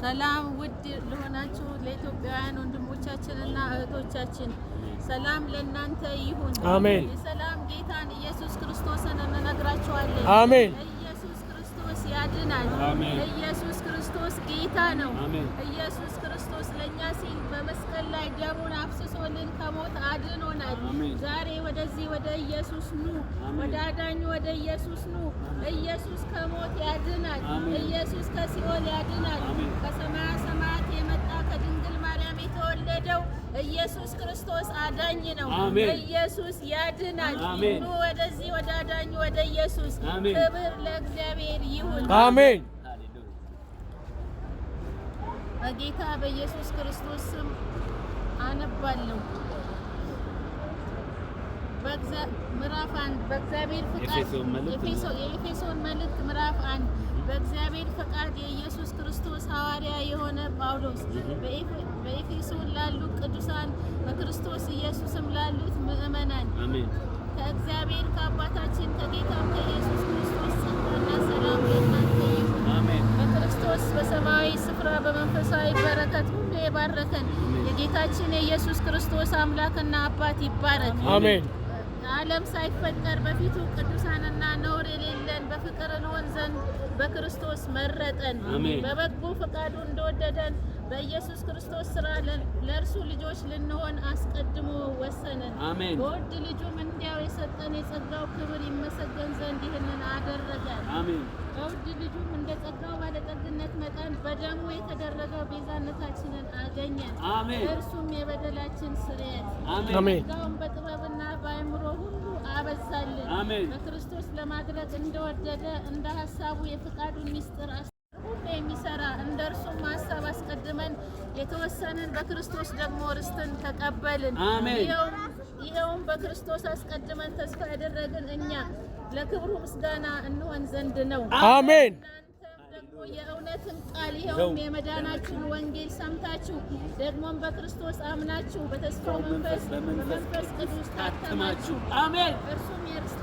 ሰላም ውድ ለሆናችሁ ለኢትዮጵያውያን ወንድሞቻችንና እህቶቻችን ሰላም ለእናንተ ይሁን። አሜን። የሰላም ጌታን ኢየሱስ ክርስቶስን እንነግራችኋለን። አሜን። ኢየሱስ ክርስቶስ ያድናል። ኢየሱስ ክርስቶስ ጌታ ነው። ኢየሱስ ክርስቶስ ለእኛ ሲል በመስቀል ላይ ደሙን አፍስሶልን ከሞት አድኖናል። ዛሬ ወደዚህ ወደ ኢየሱስ ኑ፣ ወደ አዳኙ ወደ ኢየሱስ ኑ። ኢየሱስ ከሞት ያድናል። ኢየሱስ ከሲኦል ያድናል። ኢየሱስ ክርስቶስ አዳኝ ነው። ኢየሱስ ያድናል። ኑ ወደዚህ ወደ አዳኙ ወደ ኢየሱስ። ክብር ለእግዚአብሔር ይሁን። አሜን። በጌታ በኢየሱስ ክርስቶስ ስም አነባለሁ። ምዕራፍ አንድ በእግዚአብሔር ፍቃድ የኤፌሶን መልእክት ምዕራፍ አንድ በእግዚአብሔር ፈቃድ የኢየሱስ ክርስቶስ ሐዋርያ የሆነ ጳውሎስ በኤፌሶን ላሉ ቅዱሳን በክርስቶስ ኢየሱስም ላሉት ምእመናን ከእግዚአብሔር ከአባታችን ከጌታም ከኢየሱስ ክርስቶስ ጸጋና ሰላም ለእናንተ ይሁን። በክርስቶስ በሰማያዊ ስፍራ በመንፈሳዊ በረከት ሁሉ የባረከን የጌታችን የኢየሱስ ክርስቶስ አምላክና አባት ይባረክ። አሜን። ዓለም ሳይፈጠር በፊቱ ቅዱሳንና ነውር የሌለን በፍቅር እንሆን ዘንድ በክርስቶስ መረጠን። በበጎ ፈቃዱ እንደወደደን በኢየሱስ ክርስቶስ ስራ ለእርሱ ልጆች ልንሆን አስቀድሞ ወሰነን። በውድ ልጁም እንዲያው የሰጠን የጸጋው ክብር ይመሰገን ዘንድ ይህንን አደረገን። በውድ ልጁም እንደ ጸጋው ባለጠግነት መጠን በደሙ የተደረገው ቤዛነታችንን አገኘን። እርሱም የበደላችን ስርየት በክርስቶስ ለማድረግ እንደወደደ እንደ ሀሳቡ የፍቃዱ ሚስጥር ሁሉ የሚሰራ እንደ እርሱም ሀሳብ አስቀድመን የተወሰንን በክርስቶስ ደግሞ ርስትን ተቀበልን። ይኸውም በክርስቶስ አስቀድመን ተስፋ ያደረግን እኛ ለክብሩ ምስጋና እንሆን ዘንድ ነው። አሜን። የእውነትን ቃል ይኸውም የመዳናችን ወንጌል ሰምታችሁ ደግሞም በክርስቶስ አምናችሁ በተስፋው መንፈስ በመንፈስ ቅዱስ ታተማችሁ። አሜን። እርሱም የርስ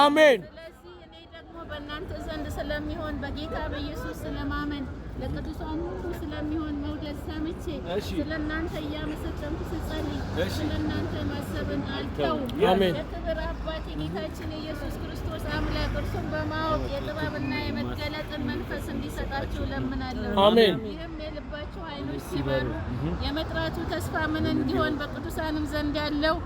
አሜን። ስለዚህ እኔ ደግሞ በእናንተ ዘንድ ስለሚሆን በጌታ በኢየሱስ ስለማመን ለቅዱሳን ሁሉ ስለሚሆን መውደድ ሰምቼ ስለ እናንተ ስጸልይ ስለ እናንተ ማሰብን አልተውም። የክብር አባት የጌታችን የኢየሱስ ክርስቶስ አምላክ እርሱን በማወቅ የጥበብና የመገለጥን መንፈስ እንዲሰጣችሁ ለምናለሁ። አሜን። ሲበሩ የመጥራቱ ተስፋ ምን እንዲሆን በቅዱሳንም ዘንድ ያለው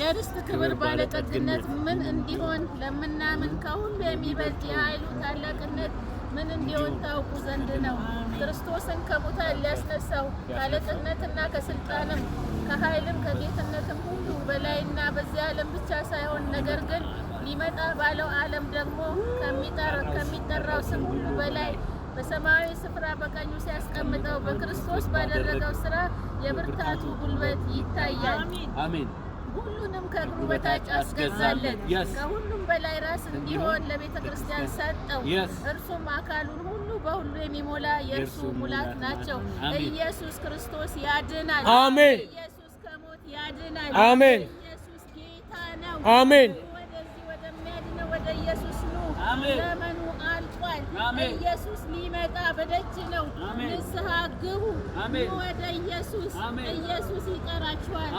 የርስት ክብር ባለጠግነት ምን እንዲሆን ለምናምን ከሁሉ የሚበልጥ የኃይሉ ታላቅነት ምን እንዲሆን ታውቁ ዘንድ ነው። ክርስቶስን ከሙታን ሊያስነሳው ከአለቅነትና ከስልጣንም ከኃይልም ከጌትነትም ሁሉ በላይና በዚህ ዓለም ብቻ ሳይሆን ነገር ግን ሊመጣ ባለው ዓለም ደግሞ ከሚጠራው ስም ሁሉ በላይ በሰማያዊ ስፍራ በቀኙ ሲያስቀምጠው በክርስቶስ ባደረገው ስራ የብርታቱ ጉልበት ይታያል። አሜን። ሁሉንም ከእግሩ በታች አስገዛለት። ከሁሉም በላይ ራስ እንዲሆን ለቤተ ክርስቲያን ሰጠው። እርሱም አካሉን ሁሉ በሁሉ የሚሞላ የእርሱ ሙላት ናቸው። ኢየሱስ ክርስቶስ ያድናል። አሜን። ኢየሱስ ከሞት ያድናል። አሜን። ኢየሱስ ጌታ ነው። አሜን። ወደዚህ ወደሚያድነው ወደ ኢየሱስ ኑ። አሜን። ኢየሱስ ሊመጣ በደጅ ነው። ንስሐ ግቡ ወደ ኢየሱስ። ኢየሱስ ይጠራችኋል።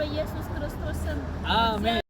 በኢየሱስ ክርስቶስ ስም